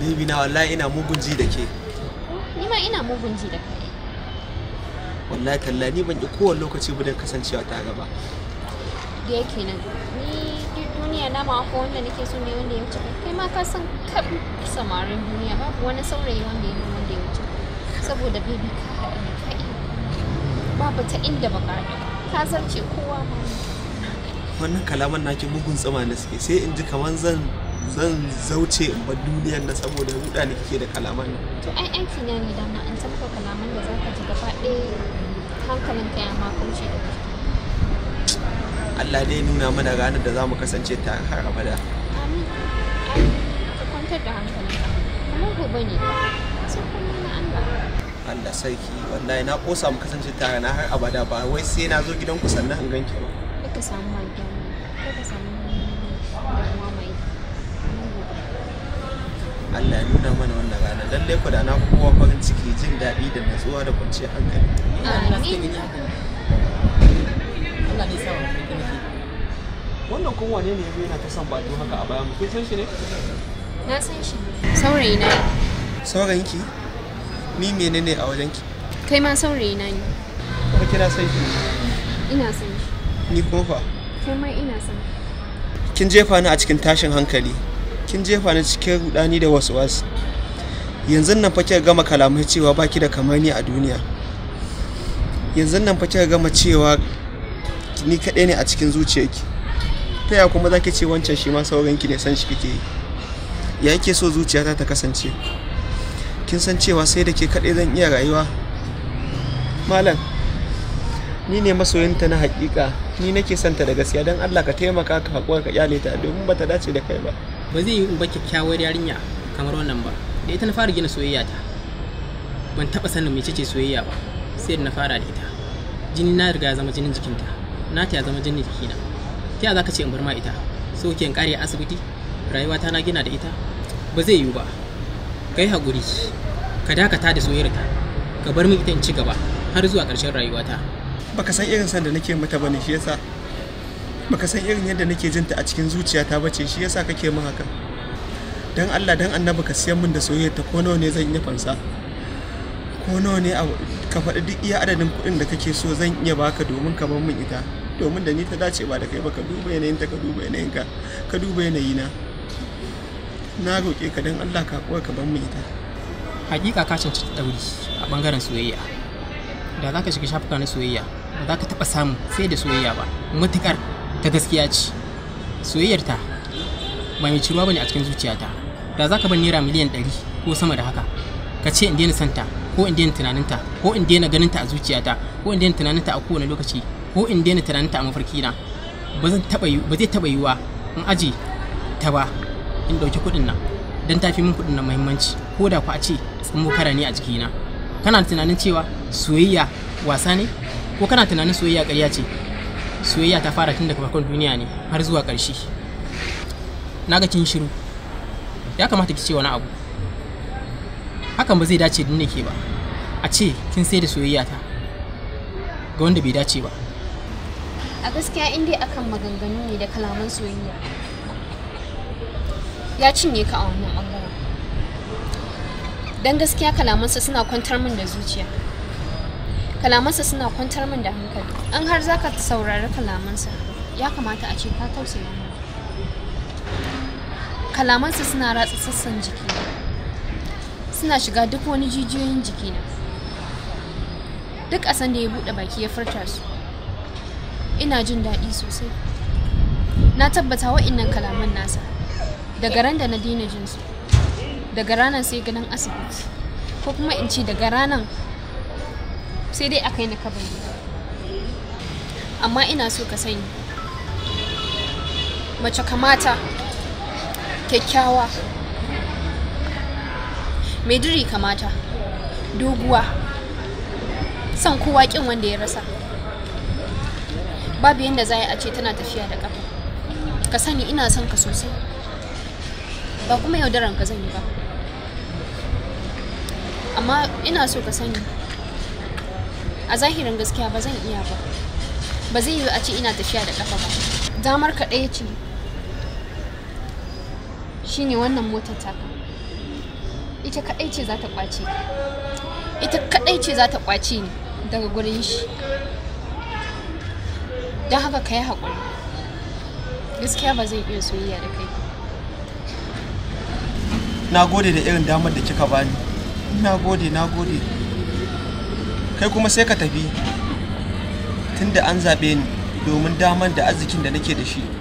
Baby na wallahi ina mugun ji da ke. Ni ma ina mugun ji da kai. Wallahi talla ni ban ki kowane lokaci ba dan kasancewa ta gaba. Da yake nan ni duniya na ma ko wanda nake so ne wanda ya wuce kai ma ka san kab samarin duniya babu wani saurayi wanda ya wanda ya wuce saboda baby ka haɗa ni kai babu ta inda ba ka ka zarce kowa ma wannan kalaman nake mugun tsama na suke sai in ji kaman zan zan zauce ba duniyar na saboda ruɗa ne kike da kalaman nan. To ai aiki na ne dama an san ka kalaman da zaka ji gaba ɗaya hankalin ka ya ma kauce da Allah dai nuna mana ranar da zamu kasance ta har abada. Amin. Ka kwantar da hankali, Kamar gobe ne. Sai kuma na Allah. Allah sarki wallahi na kosa mu kasance tare na har abada ba wai sai na zo gidanku sannan in ganki ba. Ka samu alƙawari. Ka samu Allah ya nuna mana wannan rana lalle ku da na kowa farin ciki jin daɗi da natsuwa da kwanciyar hankali amin Allah sa wannan kun wane ne yazo yana ta son batu haka a baya mu kun san shi ne na san shi saurayi na saurayin ki ni menene a wajen ki kai ma saurayi na ne kuma kina san shi ina san shi ni kofa kai ma ina san kin jefa ni a cikin tashin hankali kin jefa ni cikin rudani da wasu wasu yanzu nan fa kika gama kalamai cewa baki da kamani a duniya yanzu nan fa kika gama cewa ni kaɗai ne a cikin zuciyarki ta ya kuma zaki ce wancan shi ma sauranki ne san shi kike yi ya yake so zuciyata ta kasance kin san cewa sai da ke kaɗai zan iya rayuwa malam ni ne masoyinta na hakika ni nake santa da gaskiya don allah ka taimaka ka haƙuwa ka yale ta domin bata dace da kai ba ba zai yi in ba kyakkyawar yarinya kamar wannan ba da ita na fara gina soyayya ta ban taba sanin mai ce soyayya ba sai da na fara da ita jini na riga ya zama jinin jikinta na ta ya zama jinin jikina ta za ka ce in bar ma ita so ke kare asibiti rayuwa ta na gina da ita ba zai yiwu ba kai hakuri, ka dakata da soyayyarta ka bar min ita in ci gaba har zuwa ƙarshen rayuwata baka san irin san da nake mata bane shi yasa baka san irin yadda nake jinta a cikin zuciyata bace shi yasa kake min haka dan Allah dan annabi ka siyan min da soyayya ta ko nawa ne zan yi fansa ko nawa ne ka faɗi duk iya adadin kuɗin da kake so zan iya baka domin ka bar min ita domin da ni ta dace ba da kai ba ka duba yanayin ta ka duba yanayin ka ka duba yanayina na roƙe ka dan Allah ka kuwa ka bar min ita hakika ka cancanci ɗauri a bangaren soyayya da za ka shiga shafuka na soyayya ba za ka taɓa samu sai da soyayya ba matuƙar ta gaskiya ce soyayyarta ba mai ciruwa bane a cikin zuciyata da za ka bar naira miliyan ɗari ko sama da haka ka ce in daina santa ko in daina tunaninta ko in daina ganinta a zuciyata ko in daina tunaninta a kowane lokaci ko in daina tunaninta a mafarkina ba zan taba ba zai taba yiwa in aje ta ba in ɗauki kuɗin nan dan tafi min kuɗin nan muhimmanci ko da ku a ce tsammo kara ne a jikina kana tunanin cewa soyayya wasa ne ko kana tunanin soyayya ƙarya ce soyayya ta fara tun daga farkon duniya ne har zuwa ƙarshe na ga kin shiru ya kamata ki ce wani abu hakan ba zai dace da nake ba a ce kin sai da soyayya ta ga wanda bai dace ba a gaskiya in dai akan maganganu ne da kalaman soyayya ya cinye ka a wannan bangaren don gaskiya kalamansa suna kwantar min da zuciya kalamansa suna kwantar min da hankali an har za ka saurari kalamansa ya kamata a ce ka tausaya mu kalamansa suna ratsa sassan jiki suna shiga duk wani jijiyoyin jikina duk a sanda ya buɗe baki ya furta su ina jin daɗi sosai na tabbata wa'innan kalaman nasa daga ran da na daina jinsu daga ranar sai ganin asibiti ko kuma in ce daga ranar sai dai aka yi na kabari amma ina so ka sani mace kamata kyakkyawa mai diri kamata doguwa son kowa kin wanda ya rasa babu yadda za a ce tana tafiya da ƙafa ka sani ina son ka sosai ba kuma yaudaran ka zan yi ba amma ina so ka sani a zahirin gaskiya ba zan iya ba ba zai yi a ce ina tafiya da ƙafa ba damar ka ɗaya ce shine wannan motar taka ita kaɗai ce za ta ƙwace ka ita kaɗai ce za ta ƙwace ni daga gurin shi don haka ka yi haƙuri gaskiya ba zan iya soyayya da kai na gode da irin damar da kika bani na gode na gode kai kuma sai ka tafi tunda an zaɓe ni domin daman da arzikin da nake da shi